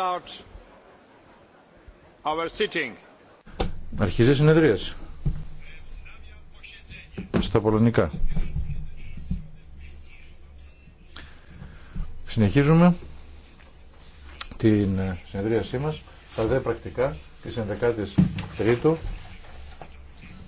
our Αρχίζει η συνεδρίαση. Στα πολωνικά. Συνεχίζουμε την συνεδρίασή μας, τα δε πρακτικά της 11ης Τρίτου.